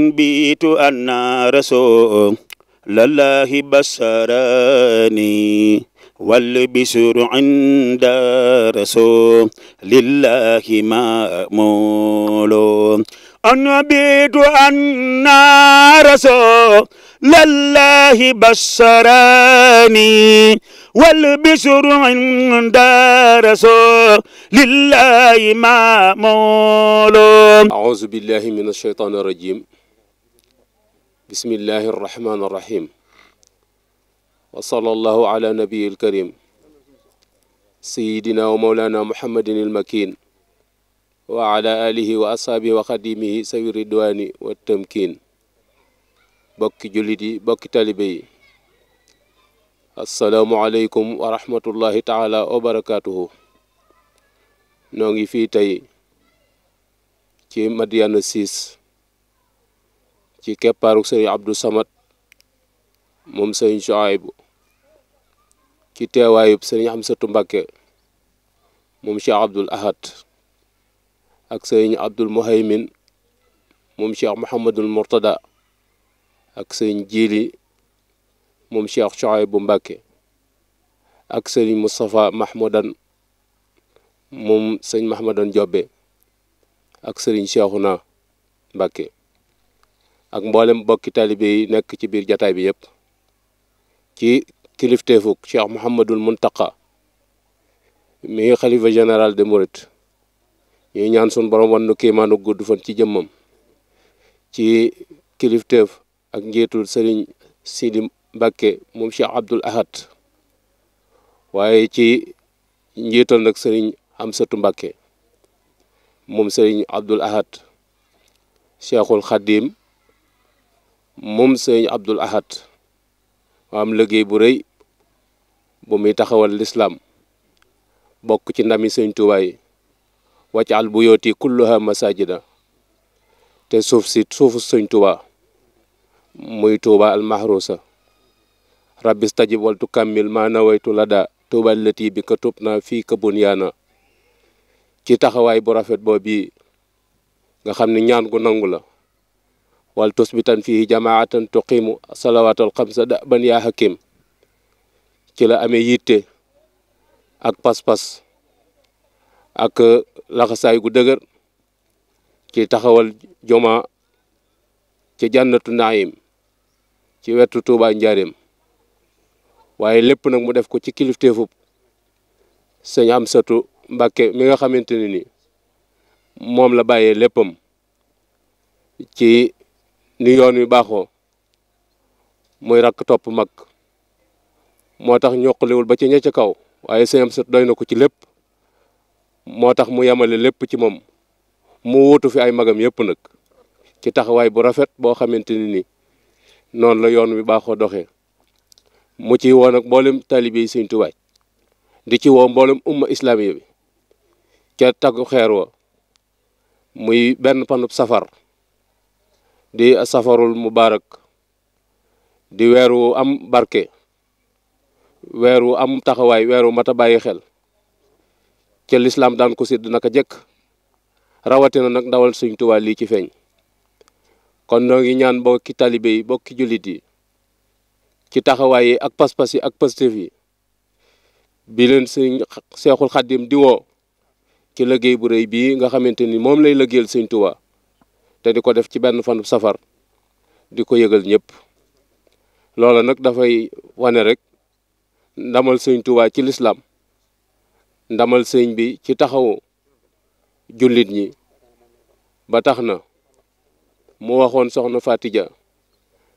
بيت أن رسول الله بشراني والبشر عند رسول لله مأمول أنا بيت أن رسول لله بشراني والبشر عند رسول لله مأمول أعوذ بالله من الشيطان الرجيم bismillahi irrahmani irrahim wa sallallahu ala nabiyi ilkarim sayidina wa mawlana muhammadin ilmakin wa ala alihi wa ashaabihi wa xadimihi sawi ridwaani wa tamkin bokki jullit yi bokki talibe yi asalaamualeykum wa rahmatullahi taala wa barakatuhu noo ngi fii tey ci Madiyana siis ci keppaaru sëriñ Abdou Samad moom sëriñ Chouaïbou ci teewaayub sëriñ Amsatu Mbàkke moom Cheikh Abdoul Ahad ak sëriñ Abdoul Muhaymin moom Cheikh Mouhamadul Mourtada ak sëriñ Jili moom Cheikh Chouaïbou Mbàkke ak sëriñ Moustapha Mahmoudan moom sëriñ Mahmoudan Jobbe ak sëriñ Cheikhouna Mbàkke ak mboolem mbokki taalibe yi nekk ci biir jataay bi yëpp ci kilifteefuk Cheikh Mouhamadul Muntaqa mi xalifa général de Mouride ñuy ñaan sun borom wan nu kiimaanu gudd fan ci jëmmam ci kilifteef ak njiitul sëriñ Sidi Mbàkke moom Cheikh Abdul Ahad waaye ci njiital nag sëriñ Amsatu Mbàkke moom sëriñ Abdul Ahad Cheikhul Xadim moom sëñ Abdul Ahad am liggéey bu rëy bu muy taxawal lislaam bokk ci ndami sëñ Tuubaa yi wàcc bu yooti kulluha masajida te suuf si suufu sëñ Tuubaa muy Tuubaa al mahrusa rabbis tajib wal tukammil maa nawaytu la daa Tuubaa lati bi ka tub naa fii ka bunyaana ci taxawaay bu rafet boobu nga xam ni ñaan gu nangu la wal tusbitan fii jamaatan tuqimu salawaatul xamsa da ban yaa hakim ci la amee yitte ak pas-pas ak laxasaay gu dëgër ci taxawal joma ci jànnatu naayim ci wetu tuuba njarim waaye lépp nag mu def ko ci kilifteefub sëñ Amsatu Mbàkke mi nga xamante ni moom la bàyyee léppam ci ni yoon wi baaxoo muy rakk topp mag moo tax ñoqlewul ba ci ña ca kaw waaye sëñ am doy na ko ci lépp moo tax mu yemale lépp ci moom mu wuutu fi ay magam yëpp nag ci taxawaay bu rafet boo xamante ni nii noonu la yoon wi baaxoo doxe mu ci woo nag mboolem taalibe yi Sëñ Tuubaa di ci woo mboolem umma islaamiya bi ca taggu xeer wa muy benn panub safar di safarul mubaarak di weeru am barke weer wu am taxawaay weeru wu mat a bàyyi xel ca lislaam daan ko sidd naka jëkk rawatina nag ndawal Sëriñ Tuubaa lii ci feeñ kon noo gi ñaan bokki talibe yi bokki jullit yi ci taxawaay yi ak pas-pas yi ak positif yi bi leen sëñ seexul xaddim di woo ci liggéey bu rëy bii nga xamante ni moom lay liggéeyal Sëriñ Tuubaa te di ko def ci benn fanu safar di ko yëgal ñépp loola nag dafay wane rek ndamal sëñ Tuubaa ci lislaam ndamal sëñ bi ci taxaw jullit ñi ba tax na mu waxoon soxna Fatija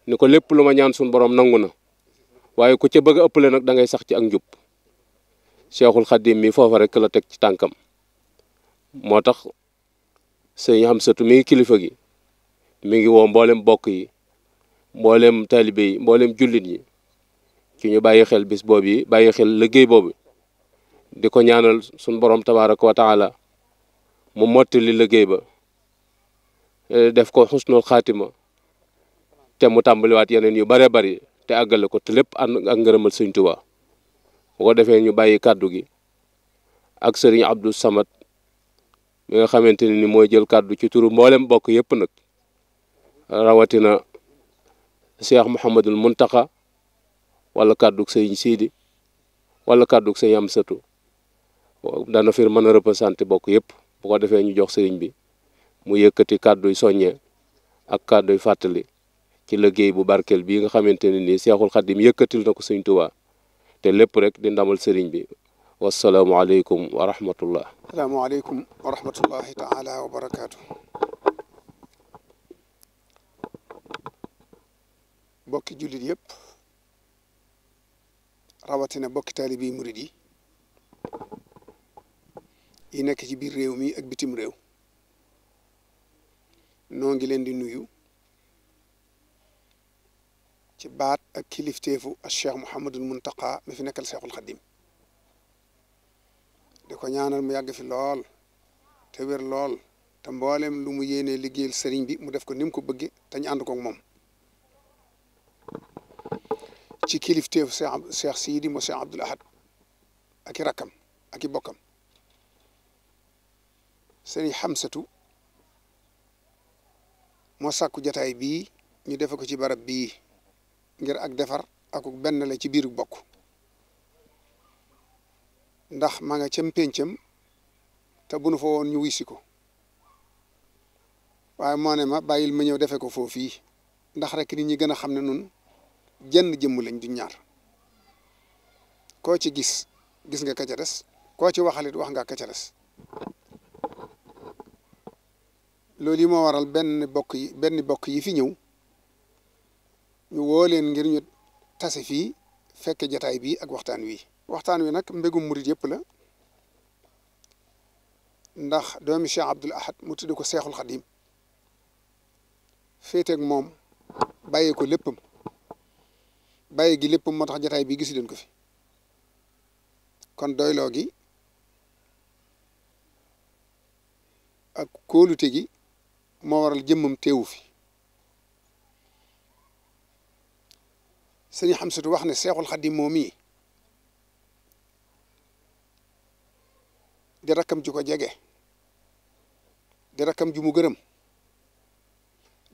ni ko lépp lu ma ñaan suñu boroom nangu na waaye ku ca bëgg a ëppale nag dangay sax ci ak njub Cheikhul Khadim mi foofa rek la teg ci tànkam moo tax sëñ xam surtout mi ngi kilifa gi mu ngi woo mboolem bokk yi mboolem taalibe yi mboolem jullit yi ci ñu bàyyi xel bis boobu yi bàyyi xel liggéey boobu di ko ñaanal suñ borom tabaraka wa taala mu li liggéey ba eh, def ko xusnul xaatima te mu tàmbaliwaat yeneen yu bare bari te àggale ko te lépp ànd ak ngërëmal sëñ Tuubaa bu ko defee ñu bàyyi kàddu gi ak sëriñ Abdou Samad mi nga xamante ne ni mooy jël kàddu ci turu mboolem bokk yëpp nag rawatina Cheikh Mouhamadul Muntaxa wala kàddug sëñ Siidi wala kàddug sëñ Amsatu dana fir mën a représenté bokk yëpp bu ko defee ñu jox sëriñ bi mu yëkkati kàddu yu soññee ak kàddu yu fàttali ci liggéey bu barkeel bii nga xamante ne nii Seexul Xaddim yëkkatil na ko sëñ Tuubaa te lépp rek di ndamal sëriñ bi wasalaamualeykum wa rahmatullah salaamualeykum wa rahmatullahi taala wa bokki jullit yëpp rawatina bokki taalibi murid yi yi nekk ci biir réew mi ak bitim réew noo ngi leen di nuyu ci baat ak kilifteefu ak cheikh Mouhamadul Muntaqa mi fi nekkal Cheikhul Xadim di ko ñaana mu yàgg fi lool te wér lool te mboolem lu mu yéenee liggéeyal sëriñ bi mu def ko ni ko bëggee te ñu ànd moom ci kilifteefu Cheikh Sidi mo Cheikh Abdoul Ahad ak i rakkam ak i bokkam sëriñ Xamsatu moo sàkku jataay bii ñu defe ko ci barab bii ngir ak defar ak benn la ci biiru bokk ndax maa nga cam péncam te bunu nu fa woon ñu wisi ko waaye moo ne ma bàyyil ma ñëw defe ko foofii ndax rek nit ñi gën a xam ne nun jenn jëmm lañ du ñaar koo ci gis gis nga ka des koo ci waxalit wax nga ka ca des loolu yi moo waral benn bokk yi benn bokk yi fi ñëw ñu woo leen ngir ñu tase fii fekk jataay bii ak waxtaan wi waxtaan wi nag mbégum murit yëpp la ndax doomi Cheikh Abdoul Ahad mu tudde ko Seexul Xadim féeteeg moom bàyyi ko léppam bàyyi gi léppam moo tax jataay bi gis leen ko fi kon doyloo gi ak kóolute gi moo waral jëmmam teewu fi sëñ Xamsatu wax ne Seexul Xadim moom mii di rakkam ju ko jege di rakkam ju mu gërëm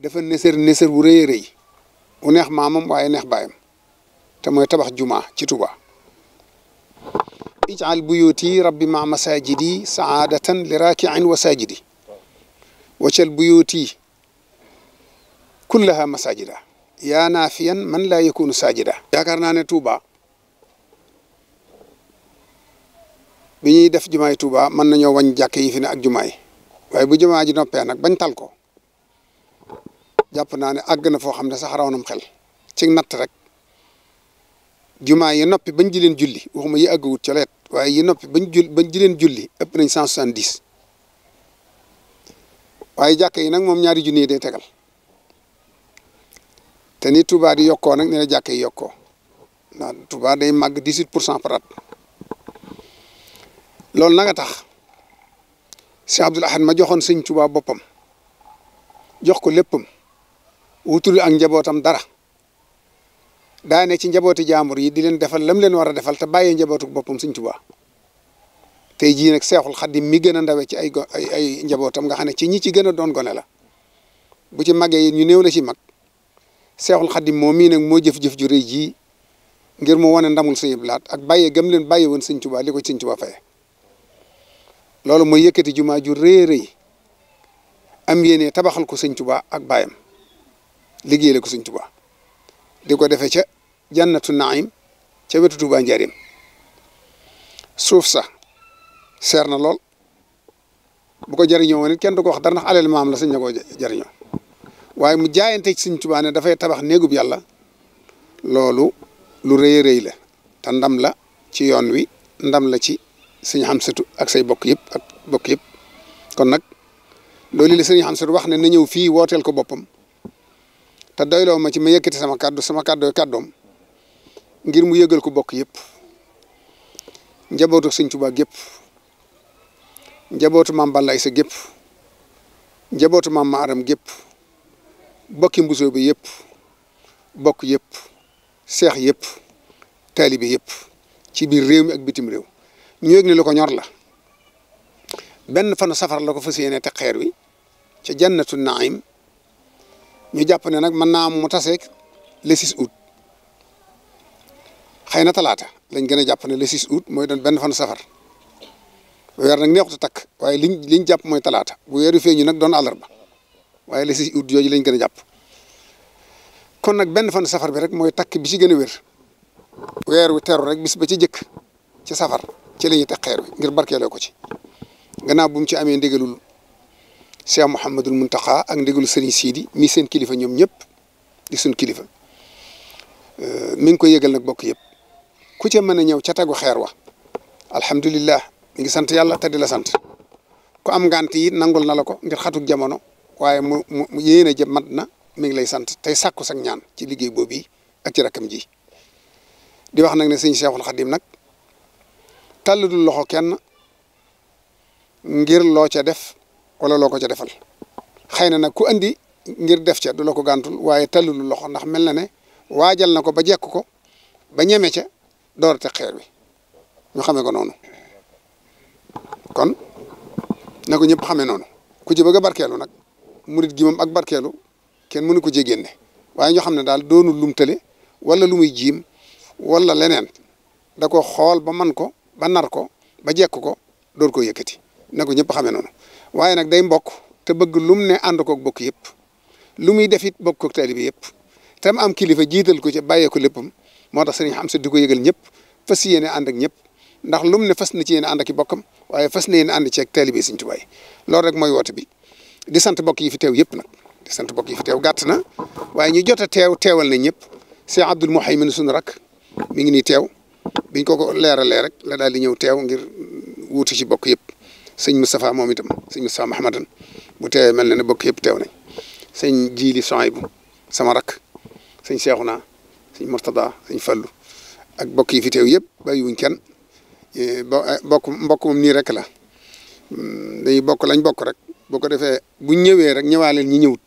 dafa nësër nësër bu rëy rëy u neex maamam waaye neex baayam te mooy tabax juma ci Tuba ijaal buyuti rabbi ma masajidi saadatan li raakiin wa saajidi waccal buyuti kullaha masajida yaa naafiyan man laa yakunu saajida yaakaar naa ne Tuuba bi ñuy def jumaay Touba mën nañoo wañ jàkk yi fi ne ak jumaa waaye bu jumaa ji noppee nag bañ tal ko jàpp naa ne àgg na foo xam ne sax raw nam xel ci natt rek jumaa yi noppi bañ ji leen julli waxuma yi àgguwut ci waaye yi noppi bañ jul bañ ji julli ëpp nañ cent soixante dix waaye jàkk yi nag moom ñaari junni yi day tegal te ni Touba di yokkoo nag ne la jàkk yokkoo ndax Touba day màgg dix huit pour cent par loolu na tax Cheikh Abdoul Ahad ma joxoon sëñ Tuubaa boppam jox ko léppam wutul ak njabootam dara daane ci njabooti jaambur yi di leen defal lam leen war a defal te bàyyee njabootu boppam sëñ tuba tey jii nag Seexul Xadiim mi gën a ndawe ci ay go ay njabootam nga xam ne ci ñi ci gën a doon gone la bu ci màggee yi ñu néew la ci mag Seexul Xadiim moom mii nag moo jëf-jëf ju rëy jii ngir mu wane ndamul sëñ Abdul Ahad ak bàyyee gëm leen bàyyee woon sëñ Tuubaa li ko sëñ Tuubaa faye loolu mooy yëkkati jumaa ju rëy rëy am yéene tabaxal ko sëñ Tuubaa ak baayam liggéeyale ko sëñ Tuubaa di ko defe ca jannatu naim ca wetu tuba njaarim suuf sax seer na lool bu ko jariñoo woon kenn du ko wax dara ndax alal maam la sëñ na koo jariñoo waaye mu jaayante ci sëñ ne dafay tabax néegub yàlla loolu lu rëy rëy la te ndam la ci yoon wi ndam la ci sëñ Xamsatu ak say bokk yëpp ak bokk yëpp kon nag loolu la sëñ Xamsatu wax ne na ñëw fii wooteel ko boppam te doyloo ma ci ma yëkkati sama kàddu sama kàddu kàddoom ngir mu yëgal ko bokk yëpp njabootu sëñ Tuubaa gépp njabootu maam Balla Aysa gépp njabootu maam ma aram gépp bokki mbusoo bi yëpp bokk yëpp seex yëpp taalibe yëpp ci biir réew mi ak bitim réew ñu yëg ne lu ko ñor la benn fanu safar la ko fas yéene teg xeer wi ca jannatu naim ñu jàpp ne nag mën naa am mu taseeg le 6 août xëy na talaata lañ gën a jàpp ne le 6 août mooy doon benn fanu safar weer nag neexut a takk waaye liñ liñ jàpp mooy talaata bu weer feeñu nag doon àllarba waaye le 6 août lañ gën a jàpp kon nag benn fanu safar bi rek mooy takk bi ci gën a wér weer wi teru rek bis ba ci jëkk ci safar ci la ñuy teg xeer bi ngir barkeeloo ko ci gannaaw bu mu ci amee ndigalul Cheikh Mouhamadul Mountakha ak ndigalul Serigne Sidi mi seen kilifa ñoom ñëpp di suñ kilifa euh, mi ngi koy yëgal bokk yëpp ku ca mën a ñëw ca tegu xeer wa alhamdulilah mi ngi sant yàlla te di la sant am ngant yi nangul na la ko ngir xatuk jamono waaye mu mu yéene jëm mat na mi ngi lay sant tey sakko sak ñaan ci liggéey boobu yi ak ci rakkam ji di wax nag ne sëñ Cheikhul Khadim nag tàllidul loxo kenn ngir loo ca def wala loo ko ca defal xëy na nag ku andi ngir def ca du la ko gàntul waaye tàllidul loxo ndax mel na ne waajal na ko ba jekk ko ba ñeme ca door te xeer wi ñu xamee ko noonu kon na ko ñëpp xamee noonu ku ci bëgg a nag murit gi ak barkeelu kenn mënu ko cee génne waaye ñoo xam ne daal doonul lum tële wala lu muy jiim wala leneen da ko xool ba man ko ba nar ko ba jekk ko door ko yëkkati na ko ñëpp xamee noonu waaye nag day mbokk te bëgg lum ne ànd koog bokk yëpp lu muy def it bokk koog taalibe yëpp tam am kilifa jiital ko ci bàyyeeku ko léppam moo tax sëriñ Hamza di ko yëgal ñëpp fas yéene ànd ak ñëpp ndax lum ne fas na ci yéene ànd ak i bokkam waaye fas na yéene ànd ci ak taalibe Sëriñ Tuubaa loolu rek mooy woote bi di sant bokk yi fi teew yëpp nag di sant bokk yi fi teew gàtt na waaye ñu jot a teew teewal nañ ñëpp Cheikh Abdoul Mouhaymin suñu rak mi ngi nii teew. biñ ko ko leeralee rek la daal di ñëw teew ngir wuutu si bokk yëpp sëñ Moustapha moom itam sëñ Moustapha Mahamadan bu teewee mel na ne bokk yëpp teew nañ sëñ Jili Sohaybu sama rakk sëñ Cheikhouna sëñ Murtada sëñ Fallu ak bokk yi fi teew yëpp bàyyiwuñ kenn eh, eh, bokk mbokk moom nii rek la mm, dañuy bokk lañ bokk rek boo ko defee bu ñëwee rek ñëwaaleel ñi ñëwut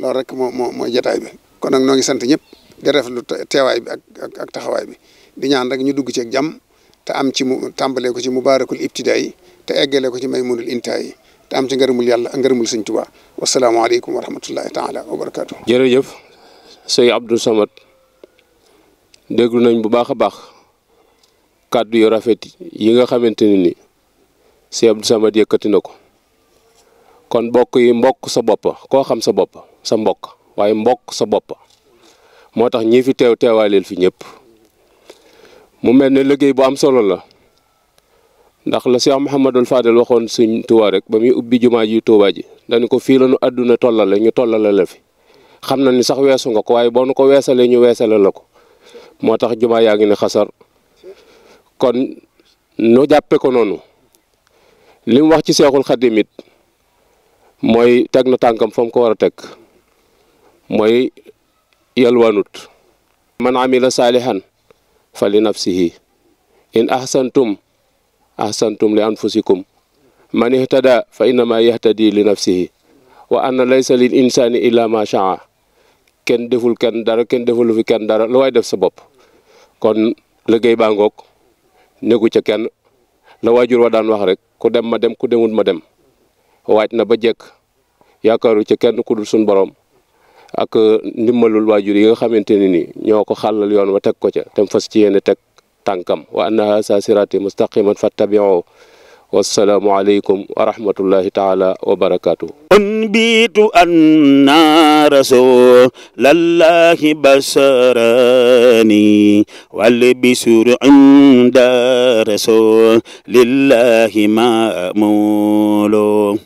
loolu rek moo moo mooy bi kon nag noo ngi sant ñëpp di rafetlu teewaay bi ak ak taxawaay bi di ñaan rek ñu dugg ci ak jàmm te am ci mu tàmbalee ko ci mubaarakul ibtidaa yi te eggalee ko ci maymunul intaa yi te am ci ngërëmul yàlla ngërëmul sëñ Tuubaa wasalaamaaleykum wa rahmatullahi taala wa barakaatu. jërëjëf sëñ Abdou Samad déglu nañ bu baax a baax kàddu yu rafet yi nga xamante ne ni sëñ Abdou Samad yëkkati ko kon mbokk yi mbokk sa bopp koo xam sa bopp sa mbokk waaye mbokk sa bopp moo tax ñi fi teew teewaaleel fi ñëpp. mu mel ne liggéey bu am solo la ndax la Cheikh Mouhamadul Fadel waxoon suñ Tuubaa rek ba muy ubbi jumaa ji Tuubaa ji dañu ko fii la ñu àdduna tollale ñu tollale la fi xam na ni sax weesu nga ko waaye boo nu ko weesalee ñu weesale la ko moo tax jumaa yaa ngi ne xasar kon nu jàppe ko noonu li wax ci seexul xadim it mooy teg na tànkam fa mu ko war a teg mooy yalwaanut man amila saalihan fa li nafsihi in ahsantum ahsantum li anfusikum man ihtada fa innama yahtadi li nafsihi wa anna laysa lil insani illa ma shaa kenn deful kenn dara kenn deful fi kenn dara lu waay def sa bopp kon liggéey baa ngoog nekku ca kenn la waajur wa daan wax rek ku dem ma dem ku demut ma dem waaj na ba jëkk yaakaaru ca kenn ku dul suñ borom ak euh, ndimbalul waajur yi nga xamante ne ni ñoo ko xàllal yoon wa teg ko ca tam fas ci yéene teg tànkam wa anna hasa sirati mustaqiman fattabi'u wassalaamu aleykum wa rahmatullahi taala wa barakaatu unbitu anna rasulallahi basarani walbisur inda rasulillahi mamulo